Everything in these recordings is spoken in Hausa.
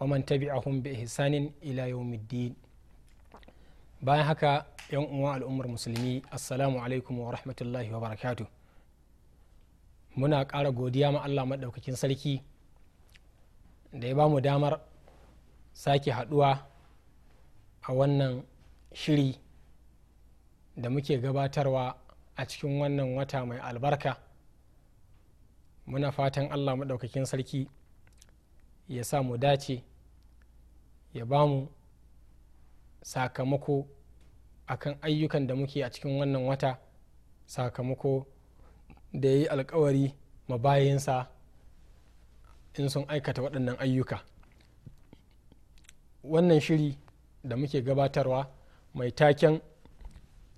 wa man tabi'ahum bi ihsanin ila yawmiddin bayan haka yan uwa al'ummar musulmi assalamu alaikum wa rahmatullahi wa barakatu muna ƙara godiya ma Allah maɗaukakin sarki da ya ba mu damar sake haɗuwa a wannan shiri da muke gabatarwa a cikin wannan wata mai albarka muna fatan allah maɗaukakin sarki ya sa mu dace ya ba mu sakamako akan ayyukan da muke a cikin wannan wata sakamako da ya yi alkawari mabayinsa in sun aikata waɗannan ayyuka wannan shiri da muke gabatarwa mai taken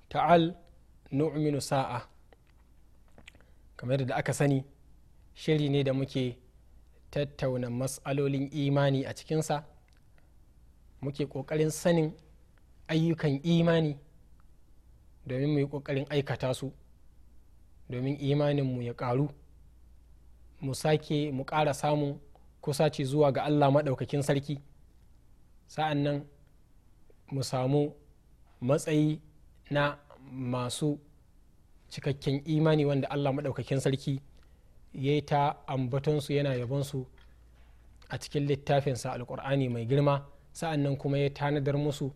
ta'al nu'minu sa'a kamar da aka sani shiri ne da muke tattauna matsalolin imani a cikinsa muke ƙoƙarin sanin ayyukan imani domin mu yi ƙoƙarin aikata su domin imaninmu ya ƙaru mu sake mu ƙara samun kusaci zuwa ga allah maɗaukakin sarki sa'an nan mu samu matsayi na masu cikakken imani wanda allah maɗaukakin sarki ya yi ta ambatonsu yana yabonsu a cikin littafinsa alkur'ani mai girma sa'an nan kuma ya tanadar musu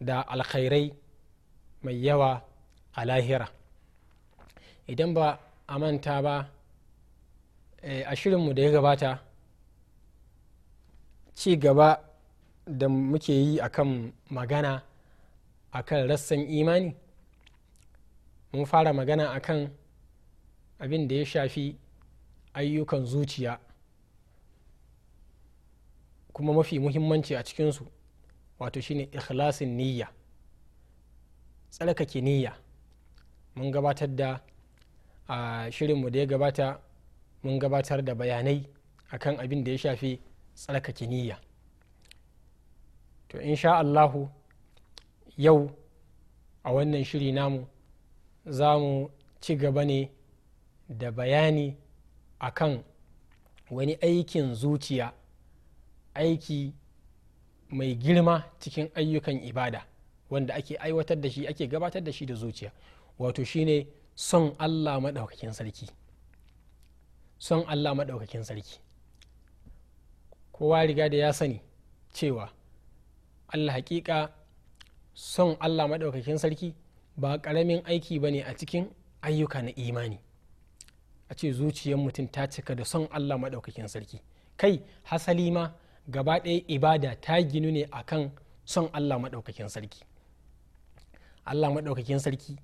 da alkhairai mai yawa a lahira idan ba a manta ba eh, a shirinmu da ya gabata ci gaba da muke yi akan magana akan rassan imani mun fara magana akan abin da ya shafi ayyukan zuciya kuma mafi muhimmanci a cikinsu wato shine ikhlasin niyya tsarkake niyya mun gabatar da a shirinmu da ya gabata mun gabatar da bayanai akan abin da ya shafi tsarkake niyya to insha allahu yau a wannan shiri namu za mu ci gaba ne da bayani akan wani aikin zuciya aiki mai girma cikin ayyukan ibada wanda ake aiwatar da shi ake gabatar da shi da zuciya wato shine son allah maɗaukakin sarki son allah maɗaukakin sarki kowa riga da ya sani cewa allah hakika son allah maɗaukakin sarki ba ƙaramin aiki ba ne a cikin ayyuka na imani a ce zuciyar mutum ta cika da son allah maɗaukakin sarki kai hasali ma gaba ɗaya ibada ta ginu ne a kan son allah maɗaukakin sarki allah maɗaukakin sarki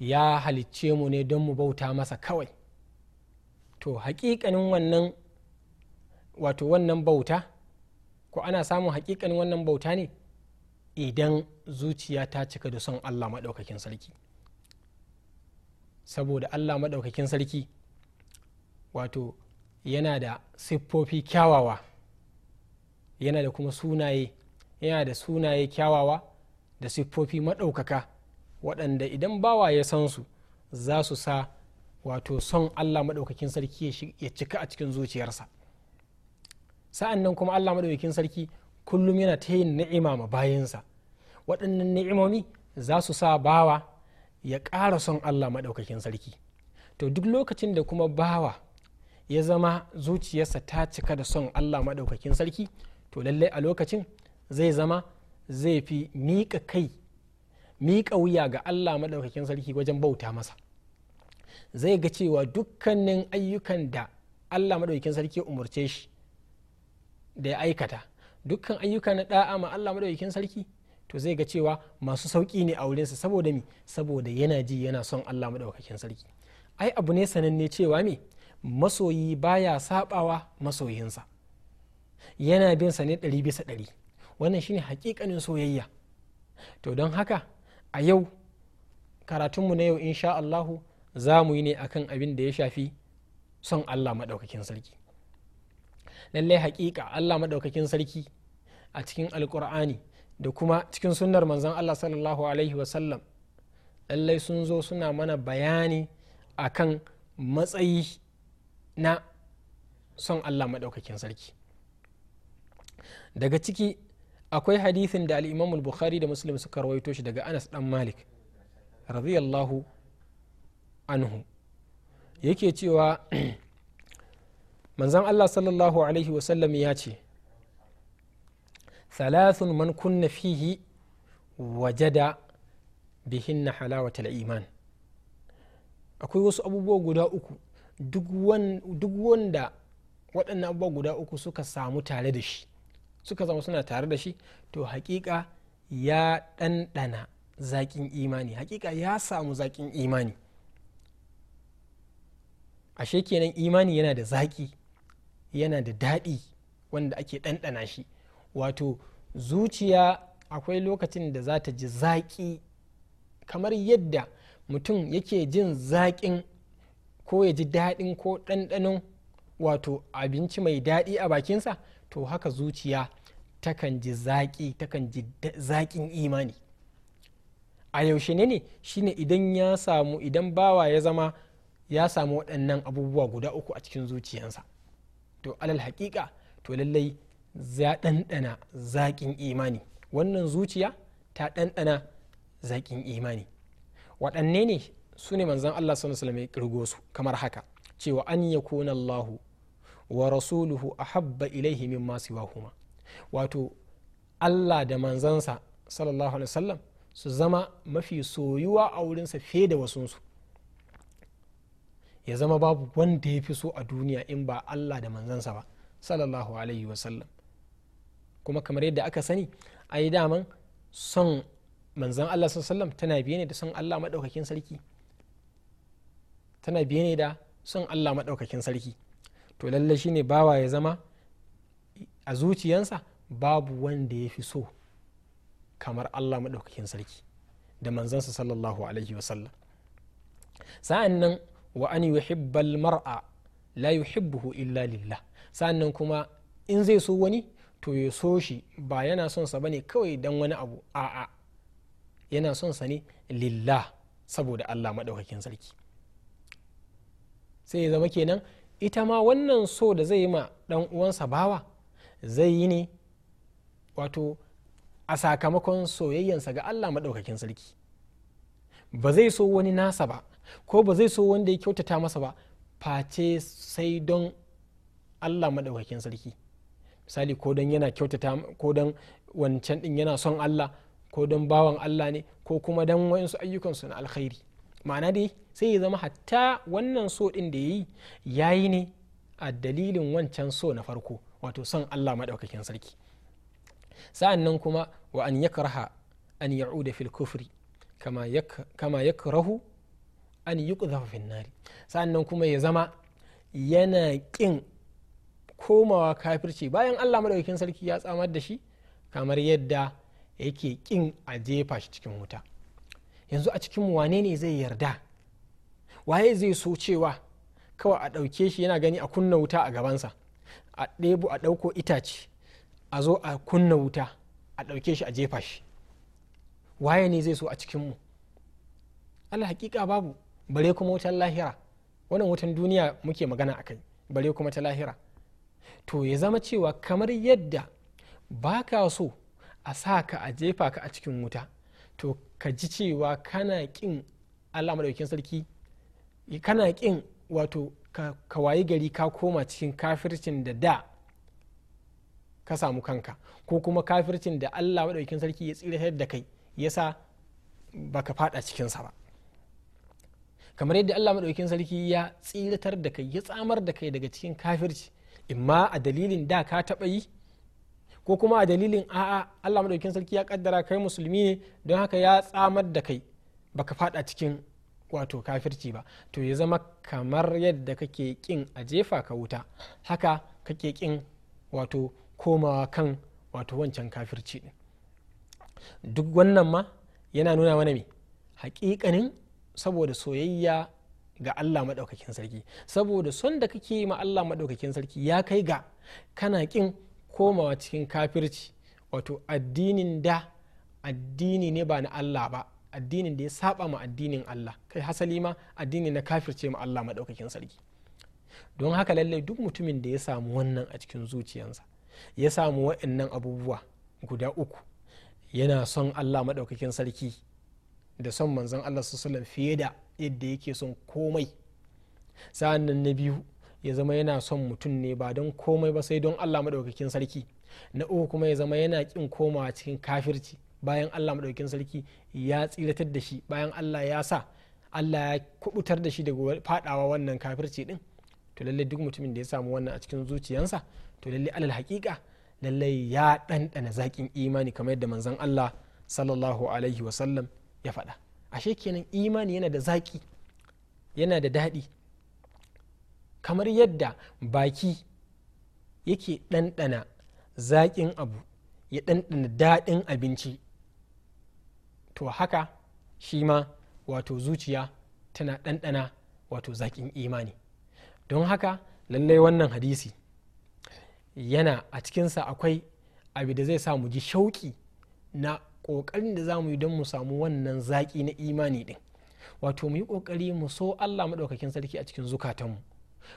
ya halicce mu ne don mu bauta masa kawai to hakikanin wannan wato wannan bauta ko ana samun hakikanin wannan bauta ne idan zuciya ta cika da son allah maɗaukakin sarki saboda allah maɗaukakin sarki wato yana da siffofi kyawawa yana da kuma sunaye yana da sunaye kyawawa da siffofi maɗaukaka waɗanda idan bawa ya san su za su sa wato son allah maɗaukakin sarki ya cika a cikin zuciyarsa sa'an nan kuma allah maɗaukakin sarki kullum yana ta yin ni'ima ma bayansa waɗannan ni'imomi za su sa bawa ya ƙara son allah maɗaukakin sarki to duk lokacin da kuma bawa ya zama zuciyarsa ta cika da son allah maɗaukakin sarki to lallai a lokacin zai zama zai fi miƙa kai miƙa wuya ga allah maɗaukakin sarki wajen bauta masa zai ga cewa dukkanin ayyukan da allah maɗaukakin sarki umarce shi da ya aikata dukkan ayyuka na ɗa'a ma allah maɗaukakin sarki to zai ga cewa masu sauƙi ne a wurinsa saboda mi saboda yana ji yana son allah maɗaukakin sarki ai abu ne sananne cewa me masoyi baya sabawa masoyinsa yana bin sa ne ɗari bisa ɗari wannan shine hakikanin soyayya to don haka a yau karatunmu na yau insha Allahu za mu yi ne akan abin da ya shafi son Allah maɗaukakin sarki lallai haƙiƙa Allah maɗaukakin sarki a cikin alƙur'ani da kuma cikin sunnar manzon Allah sallallahu alaihi wasallam lallai sun zo suna mana bayani akan matsayi na son allah maɗaukakin sarki daga ciki akwai hadithin da al'imam bukhari da muslim suka rawaito shi daga anas dan malik radiyallahu anhu yake cewa manzan allah sallallahu alaihi wasallam ya ce thalathun man kunna fihi wajada bihinna halawatal iman akwai wasu abubuwa guda uku duk wanda waɗannan abubuwa guda uku suka samu tare da shi suka zama suna tare da shi to hakika ya ɗanɗana zaƙin imani hakika ya samu zaƙin imani ashe kenan imani yana da zaƙi yana da daɗi wanda ake ɗanɗana shi wato zuciya akwai lokacin da za ta ji zaƙi kamar yadda mutum yake jin zaƙin ko ya ji daɗin ko ɗanɗanon wato abinci mai daɗi a bakinsa to haka zuciya takan ji zaƙi takan ji zaƙin imani a yaushe ne ne shine idan ya samu idan bawa ya zama ya samu waɗannan abubuwa guda uku a cikin zuciyansa to alal haƙiƙa to lallai ya ɗanɗana zaƙin imani wannan zuciya ta ɗanɗana zaƙin imani waɗanne ne su ne manzan Allah sallallahu alaihi wasallam kirgo su kamar haka cewa an yakuna Allahu wa rasuluhu ahabba ilaihi mimma siwahuma wato Allah da manzansa sallallahu alaihi wasallam su zama mafi soyuwa a wurinsa fiye da wasunsu ya zama babu wanda ya fi so a duniya in ba Allah da manzansa ba sallallahu alaihi wasallam kuma kamar yadda aka sani a yi daman son manzan Allah sallallahu alaihi wasallam tana biye ne da son Allah maɗaukakin sarki tana biye ne da son allah maɗaukakin sarki to lalle shine bawa ya zama a zuciyansa babu wanda ya fi so kamar allah maɗaukakin sarki da manzansa sallallahu alaihi wasallam sa'an nan wa an yuhibbal mar'a la yuhibbuhu illa lillah sa'an nan kuma in zai so wani to ya so shi ba yana son sa bane kawai dan wani abu a'a yana son sa ne lillah saboda allah maɗaukakin sarki sai ya zama kenan ita ma wannan so da zai yi ma dan uwansa bawa zai yi ne wato a sakamakon soyayyansa ga allah maɗaukakin sarki ba zai so wani nasa ba ko ba zai so wanda ya kyautata masa ba face sai don allah maɗaukakin sarki misali ko don yana kyautata ko don wancan ɗin yana son allah ko don bawan allah ne ko kuma don wayansu ayyukansu na alkhairi ma'ana dai sai ya zama hatta wannan so ɗin da ya yi ya yi ne a dalilin wancan so na farko wato son allah maɗaukakin sarki sa'an nan kuma wa an ya karha an ya'uda fil kufri kama ya karahu an yi fin nari sa'an nan kuma ya zama yana ƙin komawa kafirci bayan allah maɗaukakin sarki ya tsamar da shi kamar yadda yake ƙin a jefa shi cikin wuta yanzu a cikin wane ne zai yarda waye zai so cewa kawai a ɗauke shi yana gani a kunna wuta a gabansa a ɗebo a ɗauko itace a zo a kunna wuta a ɗauke shi a jefa shi waye ne zai so a cikinmu allah hakika babu bare kuma wutan lahira wannan wutan duniya muke magana a kai bare kuma ta lahira to ya zama cewa kamar yadda ba ka so a sa ka a jefa ka a cikin wuta to ka ji cewa kana kin allah maɗaukin sarki kana kin wato ka wayi gari ka koma cikin kafircin da da ka samu kanka ko kuma kafircin da allah maɗaukin sarki ya tsiratar da kai yasa ka fada cikinsa ba kamar yadda allah maɗaukin sarki ya tsiratar da kai ya tsamar da kai daga cikin kafirci imma a dalilin da ka taɓa yi ko kuma a dalilin a'a Allah madaukin sarki ya kaddara kai musulmi ne don haka ya tsamar da kai baka fada cikin wato kafirci ba to ya zama kamar yadda kake kin a jefa ka wuta haka kake kin wato komawa kan wato wancan kafirci din duk wannan ma yana nuna mana me hakikanin saboda soyayya ga Allah maɗaukakin sarki saboda son da kake ma Allah maɗaukakin sarki ya kai ga kana kin komawa cikin kafirci wato addinin da addini ne ba na Allah ba addinin da ya saba ma addinin Allah kai hasali ma addini na kafirce ma Allah maɗaukakin sarki don haka lallai duk mutumin da ya samu wannan a cikin zuciyansa ya samu wa'annan abubuwa guda uku yana son Allah maɗaukakin sarki da son manzon Allah sallallahu fiye da yadda yake son komai sa'an na biyu ya zama yana son mutum ne ba don komai ba sai don allah maɗaukakin sarki na uku kuma ya zama yana ƙin komawa cikin kafirci bayan allah maɗaukakin sarki ya tsiratar da shi bayan allah ya sa allah ya kubutar da shi daga faɗawa wannan kafirci din. to lallai duk mutumin da ya samu wannan a cikin zuciyansa to lallai alal haƙiƙa lallai ya ɗanɗana zaƙin imani kamar yadda manzon allah sallallahu alaihi wasallam ya faɗa ashe kenan imani yana da zaƙi yana da daɗi kamar yadda baki yake ɗanɗana zaƙin abu ya ɗanɗana daɗin abinci to haka shi ma wato zuciya tana ɗanɗana wato zaƙin imani don haka lallai wannan hadisi yana a cikinsa akwai abu da zai sa mu ji shauƙi na ƙoƙarin da za mu yi don mu samu wannan zaƙi na imani ɗin wato mu yi ƙoƙari mu so allah maɗaukakin sarki a cikin zukatanmu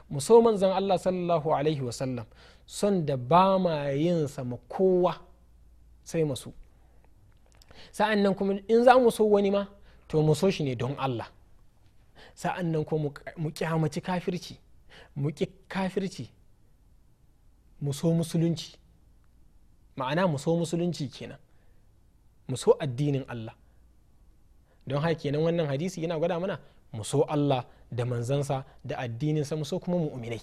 muso manzan Allah sallallahu alaihi wasallam son da ba ma yin sama kowa sai masu sa'an nan kuma in za mu so wani ma to mu so shi ne don Allah sa'an nan kuma mu kyamaci kafirci mu ki kafirci mu so musulunci ma'ana mu so musulunci kenan mu so addinin Allah don haka kenan wannan hadisi yana gwada mana mu so Allah da manzansa da addininsa mu so kuma mu'minai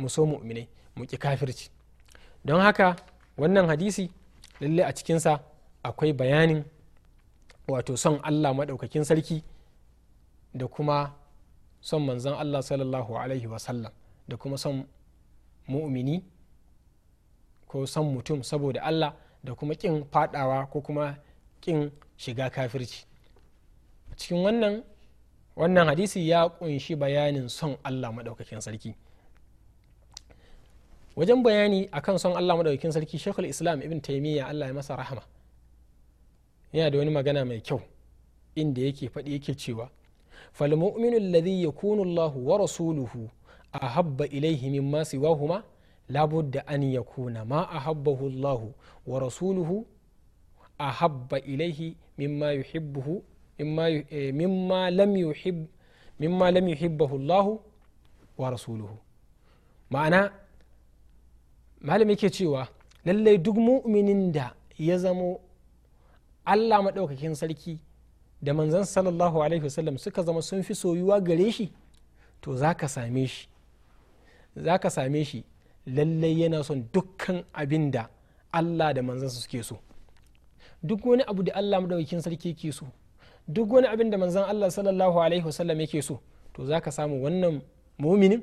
mu so mu'minai mu ki kafirci don haka wannan hadisi lalle a cikinsa akwai bayanin wato son allah maɗaukakin sarki da kuma son manzan allah sallallahu alaihi wasallam da kuma son mu'mini ko son mutum saboda allah da kuma ƙin fadawa ko kuma ƙin shiga kafirci cikin wannan wannan hadisi ya kunshi bayanin son allah maɗaukakin sarki wajen bayani akan son allah maɗaukakin sarki shekul islam ibn taimiyya allah ya masa rahama yana da wani magana mai kyau inda yake faɗi yake cewa falmu'minu alladhi yakunu allah wa rasuluhu ahabba ilaihi min ma siwahuma labudda an yakuna ma ahabbahu allah wa rasuluhu ahabba ilayhi mimma yuhibbuhu mimma lam lam yuhibbahu Allah wa rasuluhu ma'ana malam yake cewa lallai duk mu'minin da ya zamo Allah maɗaukakin sarki da manzan sallallahu alaihi wasallam suka zama sun fi soyuwa gare shi to za ka same shi za ka same shi lallai yana son dukkan abin da Allah da manzansa suke so duk wani abu da Allah maɗaukakin sarki ke so duk wani abin da manzan Allah sallallahu alaihi wasallam yake so to ka samu wannan muminin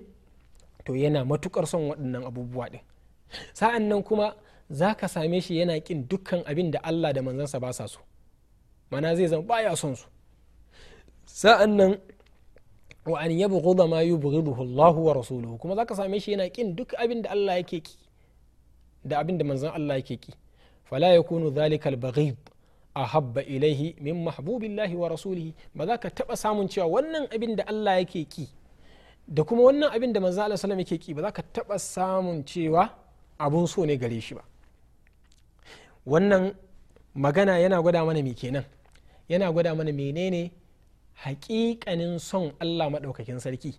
to yana matukar son waɗannan abubuwa ɗin sa'an nan kuma ka same shi yana ƙin dukkan abin da Allah da manzansa ba sa so mana zai zama baya son su sa'an nan wa an yabghudha ma yubghiduhu wa rasuluhu kuma zaka same shi yana kin duk abin da Allah yake ki da abin da manzon Allah yake ki fala yakunu dhalikal baghid ahabba ilaihi min mahbubillahi wa rasulihi ba za ka taba samun cewa wannan abin da Allah yake ki da kuma wannan abin da manzo Allah sallallahu yake ki ba za ka taba samun cewa abun so ne gare shi ba wannan magana yana gwada mana me kenan yana gwada mana menene haƙiƙanin son Allah maɗaukakin sarki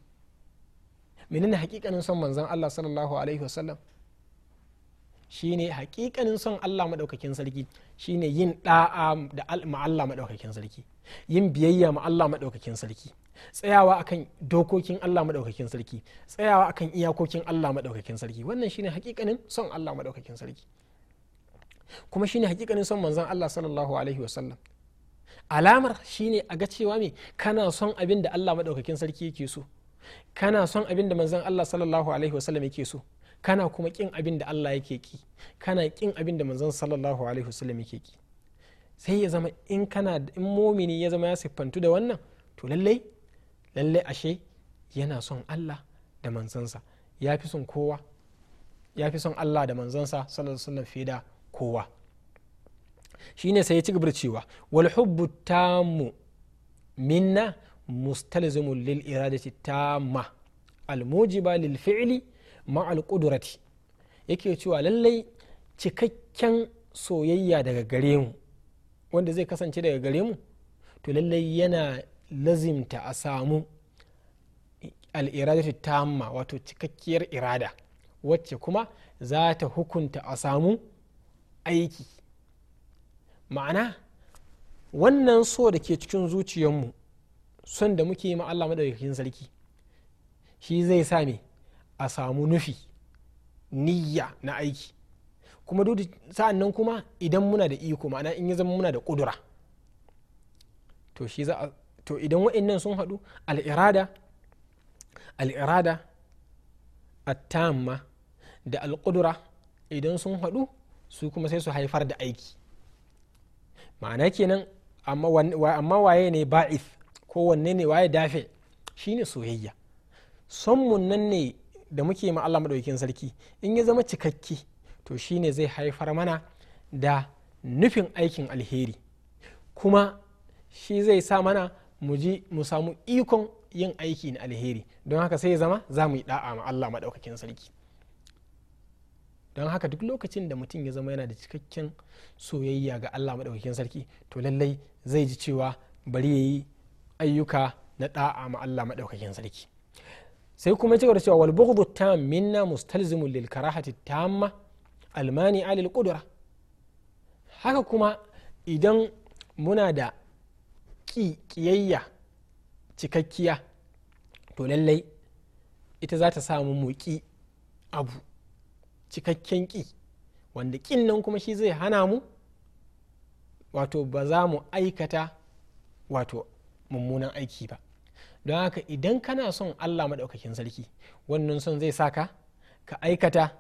menene haƙiƙanin son manzon Allah sallallahu alaihi wasallam shine hakikanin son Allah maɗaukakin sarki shine yin da'a da Allah maɗaukakin sarki yin biyayya ma Allah maɗaukakin sarki tsayawa akan dokokin Allah maɗaukakin sarki tsayawa akan iyakokin Allah maɗaukakin sarki wannan shine hakikanin son Allah maɗaukakin sarki kuma shine hakikanin son manzon Allah sallallahu alaihi wasallam alamar shine a ga cewa me kana son abin da Allah maɗaukakin sarki yake so kana son abin da manzon Allah sallallahu alaihi wasallam yake so kana kuma kin abin da Allah yake ki kana kin abin da manzon sallallahu alaihi wasallam yake ki sai ya zama in kana in mumini ya zama ya siffantu da wannan to lallai lallai ashe yana son Allah da manzansa ya fi son kowa ya fi son Allah da manzansa sallallahu alaihi wasallam fiye da kowa shine sai ya ci gaba da cewa wal hubbu tammu minna mustalzimul lil iradati tamma al mujiba lil fi'li ma'al yake cewa lallai cikakken soyayya daga gare mu wanda zai kasance daga gare mu to lallai yana lazimta a samu al'iradatu tamma wato cikakkiyar irada wacce kuma za ta hukunta a samu aiki ma'ana wannan so da ke cikin zuciyarmu son da muke yi ma Allah madaukakin sarki shi zai sa me a samu nufi niyya na aiki kuma duk sa'an nan kuma idan muna da iko ma'ana in ya zama muna da kudura to shi za nan idan wa'annan sun haɗu al'irada al'irada attamma da alƙudura idan sun haɗu su kuma sai su haifar da aiki ma'ana kenan amma waye ne ba'if ko wanne ne waye dafe shine soyayya son mun nan ne da muke ma Allah maɗaukin sarki in ya zama cikakke to shine zai haifar mana da nufin aikin alheri kuma shi zai sa mana mu ji mu samu ikon yin aiki na alheri don haka sai ya zama za mu yi da'a ma Allah maɗaukakin sarki don haka duk lokacin da mutum ya zama yana da cikakken soyayya ga Allah maɗaukakin sarki to lallai zai ji cewa bari ya yi ayyuka na da'a ma Allah maɗaukakin sarki sai kuma ci gaba cewa wal bughdu tam minna mustalzimun lil karahati tamma almani alil qudra haka kuma idan muna da ki kiyayya cikakkiya to lallai ita za ta samu mu ki abu cikakken ki wanda kin nan kuma shi zai hana mu wato ba za mu aikata wato mummunan aiki ba don haka idan kana son allah maɗaukakin sarki wannan son zai saka ka aikata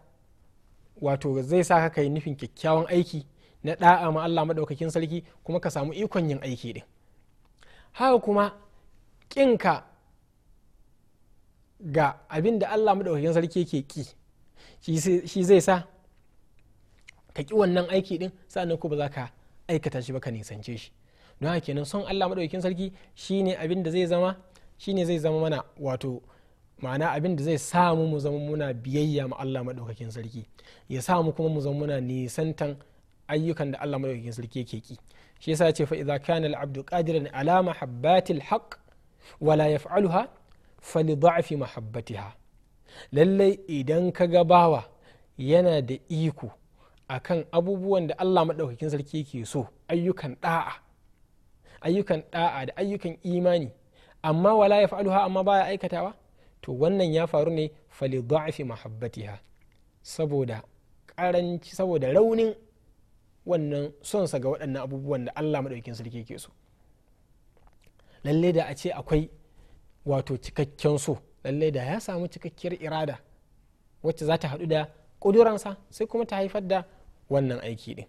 wato zai saka ka yi nufin kyakkyawan aiki na ɗa'a ma allah maɗaukakin sarki kuma ka samu ikon yin aiki ɗin haka kuma ƙinka ga abin da allah maɗaukakin sarki yake ƙi shi zai sa ka ƙi wannan aiki ɗin sa'annan ko ba za ka aikata shi ba ka nisance shi don haka kenan son allah maɗaukakin sarki shine abin da zai zama shine zai zama mana wato ma'ana abin da zai samu mu zama muna biyayya ma Allah maɗaukakin sarki ya samu kuma mu zama muna nisantan ayyukan da Allah maɗaukakin sarki yake ki shi yasa ce fa idza kana al-abdu qadiran ala mahabbatil haqq wala yaf'aluha fali da'fi mahabbatiha lallai idan ka ga bawa yana da iko akan abubuwan da Allah maɗaukakin sarki yake so ayyukan da'a ayyukan da'a da ayyukan imani amma wala ya fa'aluha amma baya aikatawa to wannan ya faru ne fali dha'ifi mahabbatiha saboda karanci saboda raunin wannan sonsa ga waɗannan abubuwan da Allah madaukin sarki ke so lalle da a ce akwai wato cikakken so lalle da ya samu cikakkiyar irada wacce za ta haɗu da ƙuduransa sai kuma ta haifar da wannan aiki ɗin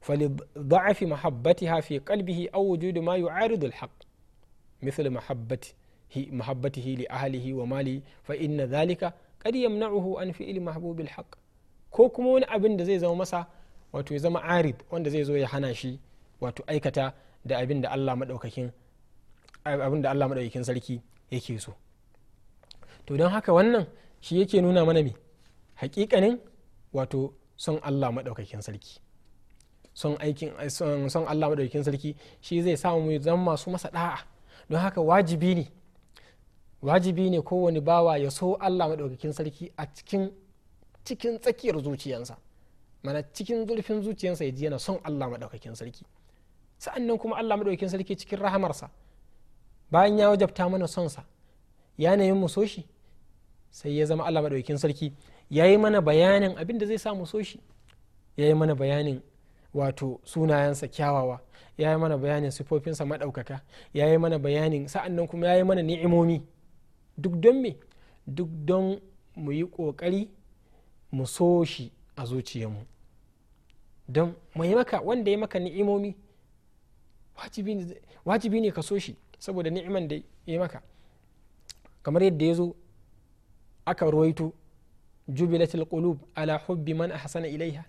fali dha'afi mahabbatiha fi kalbihi au wujudu ma yu'aridu al-haqq مثل محبته محبته لأهله وماله فإن ذلك قد يمنعه عن فعل محبوب الحق ko kuma wani abinda zai zama masa wato ya zama arid wanda zai zo ya hana shi wato aikata da abin da Allah madaukakin abin da Allah sarki yake so to don haka wannan shi yake nuna mana me hakikanin wato son Allah madaukakin sarki son Allah madaukakin sarki shi zai samu mu zama masu masa da'a don haka wajibi ne wajibi ne kowane bawa ya so allah maɗaukakin sarki a cikin cikin tsakiyar zuciyarsa mana cikin zurfin zuciyarsa ya ji na son allah maɗaukakin sarki sa'annan kuma allah maɗaukakin sarki cikin rahamarsa bayan ya wajabta mana sonsa yanayin mu so shi sai ya zama allah maɗaukakin sarki ya yi mana bayanin abin da zai sa mu so shi ya yi mana bayanin wato sunayensa kyawawa ya yi mana bayanin sifofinsa maɗaukaka ya yi mana bayanin sa'an nan kuma ya yi mana ni'imomi duk don me duk don mu yi ƙoƙari mu so shi a zuciyarmu don mu yi maka wanda ya maka ni'imomi wajibi ne ka so shi saboda ni'iman da ya maka kamar yadda ya zo aka ruwaito jubilatul qulub ala hubbi man ahsana ilaiha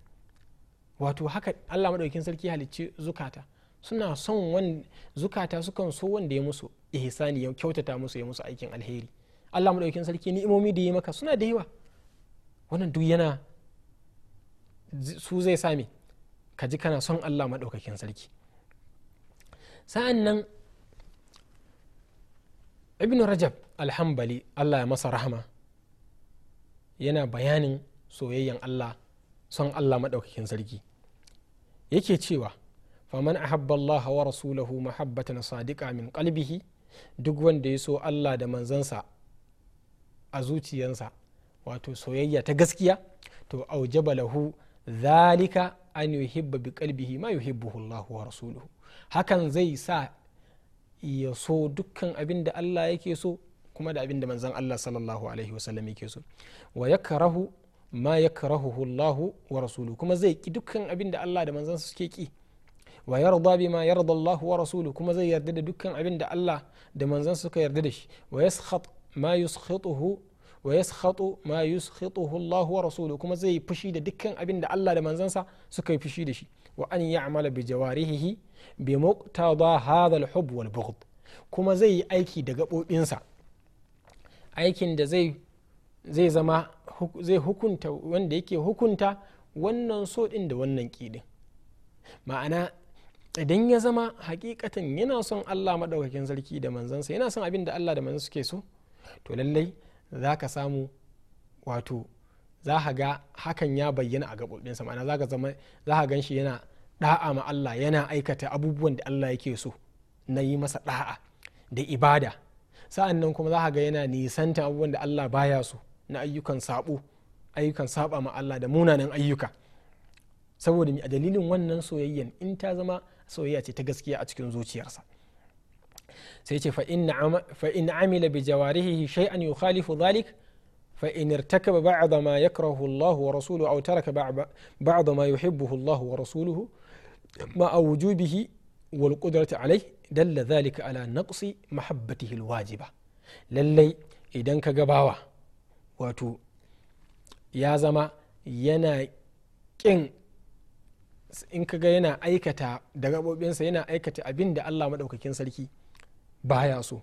wato haka allah maɗaukin sarki halicci zukata suna son wani zukata sukan so wanda ya musu ihsani ya kyautata musu ya musu aikin alheri allah maɗaukin sarki ni'imomi da ya maka suna da yawa wannan duk yana su zai sami ka ji kana son allah maɗaukakin sarki sa'an nan ibn rajab alhambali allah ya masa rahama yana bayanin soyayyen allah son allah maɗaukakin sarki yake cewa faman ahabba Allah wa rasulahu mahabbatan sadiqa min qalbihi duk wanda ya so Allah da manzansa a zuciyansa wato soyayya ta gaskiya to aujaba lahu zalika an yuhibba bi qalbihi ma yuhibbuhu Allah wa rasuluhu hakan zai sa ya so dukkan abin da Allah yake so kuma da abin da manzan Allah sallallahu alaihi wasallam yake so wa yakrahu ma yakrahuhu Allahu wa rasuluhu kuma zai ki dukkan abin da Allah da manzansa suke ki wa yarda bima yarda Allahu wa rasuluhu kuma zai yarda da dukkan abin da Allah da manzansa suka yarda da shi wa yaskhat ma yuskhituhu wa yaskhatu ma yuskhituhu Allahu wa rasuluhu kuma zai fushi da dukkan abin da Allah da manzansa suka yi fushi da shi wa an ya'mala bi jawarihi bi muqtada hadha al-hubb wal bughd kuma zai yi aiki da gabobinsa aikin da zai zai zama zai hukunta wanda yake hukunta wannan so ɗin da wannan ƙidin ma'ana idan ya zama hakikatan yana son allah maɗaukakin sarki da manzansa yana son abin da allah da manzansa suke so to lallai za ka samu wato za ka ga hakan ya bayyana a gaɓoɓinsa ma'ana za ka zama za ka gan shi yana ɗa'a ma allah yana aikata abubuwan da allah yake so na yi masa ɗa'a da ibada sa'an nan kuma za ka ga yana nisanta abubuwan da allah baya so na ayyukan sabo ayyukan saba ma Allah da munanan ayyuka saboda a dalilin wannan soyayyan in ta zama soyayya ce ta gaskiya a cikin zuciyarsa sai ce fa in amila bi jawarihi shay'an yukhalifu dhalik fa in irtakaba ba'da ma yakrahu Allah wa rasuluhu aw taraka ba'da ma yuhibbuhu Allah wa rasuluhu ma awjubihi wal qudrati alayh dalla dhalika ala naqsi mahabbatihi al wajiba lallai idan ka gabawa wato ya zama yana kin in kaga yana aikata da gaɓoɓinsa yana aikata abin da allah maɗaukakin sarki baya so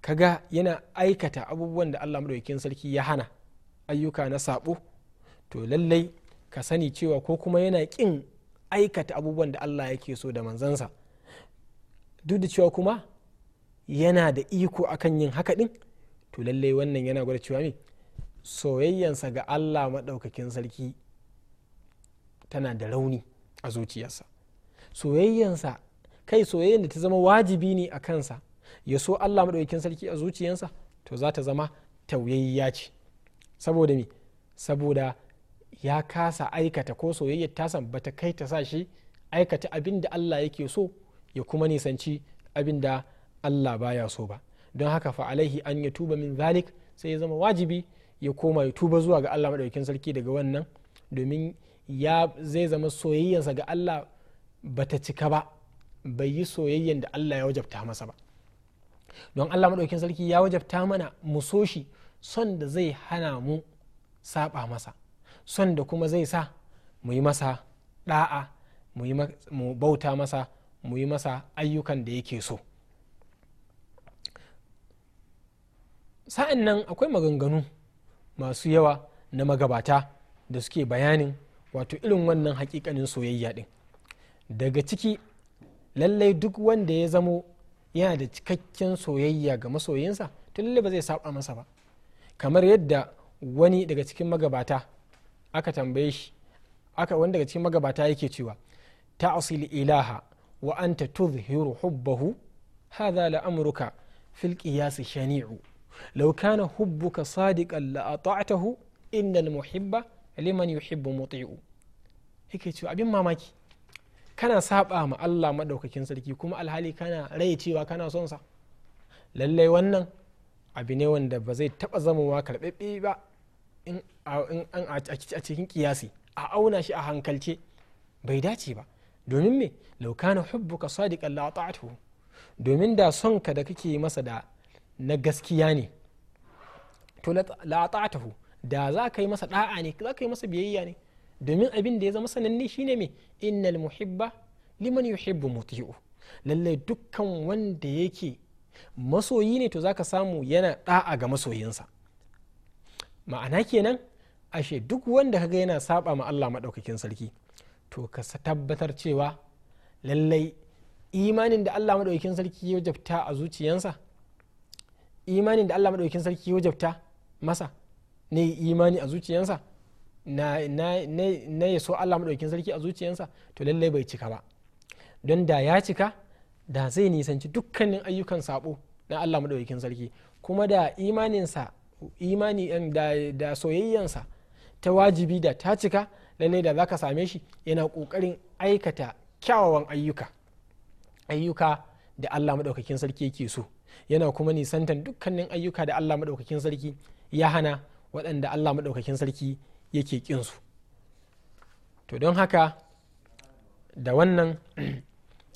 kaga yana aikata abubuwan da allah maɗaukakin sarki ya hana ayyuka na saɓo to lallai ka sani cewa ko kuma yana kin aikata abubuwan da allah yake so da manzansa duk da cewa kuma yana da iko akan yin haka ɗin to lallai wannan yana gwada cewa me soyayyansa ga allah maɗaukakin sarki tana da rauni a zuciyarsa soyayyansa kai soyayyan da ta zama wajibi ne a kansa ya so allah maɗaukakin sarki a zuciyarsa to za ta zama tauyayya ce saboda me saboda ya kasa aikata ko soyayyar tasan bata kai ta sa shi aikata abinda da allah yake so ya kuma nisanci abinda da allah baya so ba don haka fa alaihi an ya tuba min zalik sai ya zama wajibi ya koma ya tuba zuwa ga Allah madaukakin sarki daga wannan domin ya zai zama soyayyarsa ga Allah bata cika ba bai yi soyayyan da Allah ya wajabta masa ba don Allah madaukakin sarki ya wajabta mana mu so shi son da zai hana mu saba masa son da kuma zai sa mu yi masa da'a mu bauta masa mu yi masa ayyukan da yake so sa'an nan akwai maganganu masu yawa na magabata da suke bayanin wato irin wannan hakikanin soyayya din daga ciki lallai duk wanda ya zamo yana da cikakken soyayya ga masoyinsa to lallai ba zai saba masa ba kamar yadda wani daga cikin magabata aka tambaye shi aka wani daga cikin magabata yake cewa ta asili ilaha wa anta tuzhiru hubbahu hadha la amruka fil qiyas shani'u law kana hubbuka sadiqan la ata'tahu innal muhibba liman yuhibbu muti'u yake cewa abin mamaki kana saɓa ma Allah madaukakin sarki kuma alhali kana rai cewa kana son sa lallai wannan abu ne wanda ba zai taɓa zamowa karɓaɓɓe ba in a cikin kiyasi a auna shi a hankalce bai dace ba domin me laukana hubbuka sadiqan la ta'atuhu domin da son ka da kake masa da na gaskiya ne to hu da za ka yi masa da'a ne za ka yi masa biyayya ne domin abin da ya zama sananne shine me innal muhibba liman yuhibbu muti'u lalle dukkan wanda yake masoyi ne to zaka samu yana da'a ga masoyinsa ma'ana kenan ashe duk wanda kaga yana saba ma Allah madaukakin sarki to ka tabbatar cewa lallai imanin da Allah madaukakin sarki ya wajabta a zuciyarsa imanin da Allah maɗaukin sarki wajabta masa ne imani a zuciyansa na na ya so Allah maɗaukin sarki a zuciyansa to lallai bai cika ba don da ya cika da zai nisanci dukkanin ayyukan sabo na Allah maɗaukin sarki kuma da imaninsa imani da, da soyayyansa ta wajibi da ta cika lallai da zaka same shi yana ƙoƙarin aikata kyawawan ayyuka ayyuka da Allah maɗaukakin sarki yake so yana kuma nisantan dukkanin ayyuka da allah maɗaukakin sarki ya hana waɗanda allah maɗaukakin sarki yake ƙinsu to don haka da wannan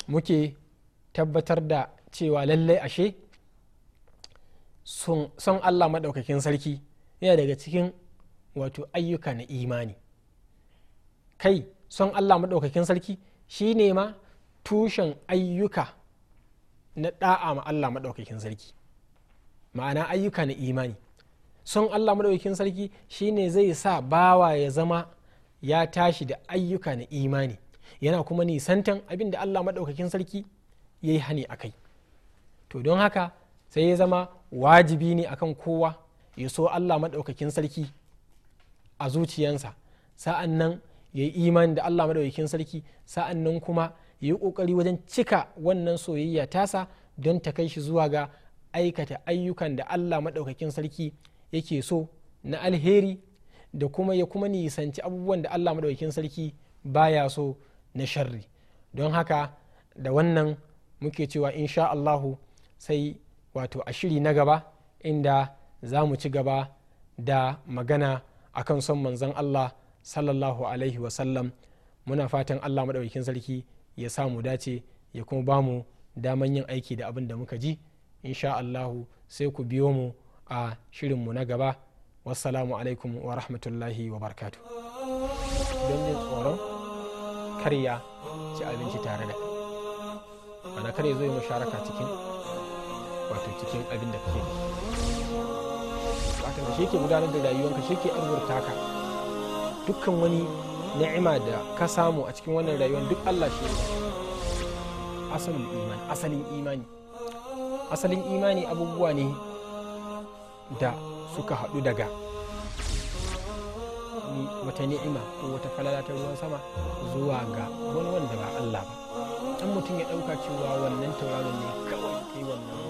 muke tabbatar da cewa lallai ashe son allah maɗaukakin sarki yana daga cikin wato ayyuka na imani kai son allah maɗaukakin sarki shi ne ma tushen ayyuka na da'a ma Allah maɗaukakin sarki ma'ana ayyuka na imani son Allah maɗaukakin sarki shine zai sa bawa ya zama ya tashi da ayyuka na imani yana kuma nisantan abin da Allah maɗaukakin sarki ya yi hani a kai to don haka sai ya zama wajibi ne akan kowa ya so Allah maɗaukakin sarki a zuciyansa sa'an nan ya yi imani da Allah maɗaukakin sarki sa'an nan kuma yi kokari wajen cika wannan soyayya tasa don ta kai shi zuwa ga aikata ayyukan da allah maɗaukakin sarki yake so na alheri da kuma ya kuma nisanci abubuwan da allah maɗaukakin sarki baya so na sharri don haka da wannan muke cewa insha allahu sai wato a shiri na gaba inda za mu ci gaba da magana akan son manzon allah sallallahu alaihi wasallam muna fatan allah maɗaukakin sarki ya sa mu dace ya kuma ba mu daman yin aiki da abin da muka ji insha allahu sai ku biyo mu a shirin mu na gaba wassalamu alaikum wa rahmatullahi wa barkatu don jin tsoron karya ci abinci tare da ana kare zo yi musharaka cikin wato cikin abin da kake da shi ke gudanar da rayuwanka shi ke arzurta ka dukkan wani ni'ima da ka samu a cikin wannan rayuwar duk Allah shi ne asalin imani asalin imani asalin imani abubuwa ne da suka haɗu daga wata ni'ima ko wata falala ta ruwan sama zuwa ga wani wanda ba Allah ba dan mutum ya ɗauka cewa wannan tauraron ne kawai kai wannan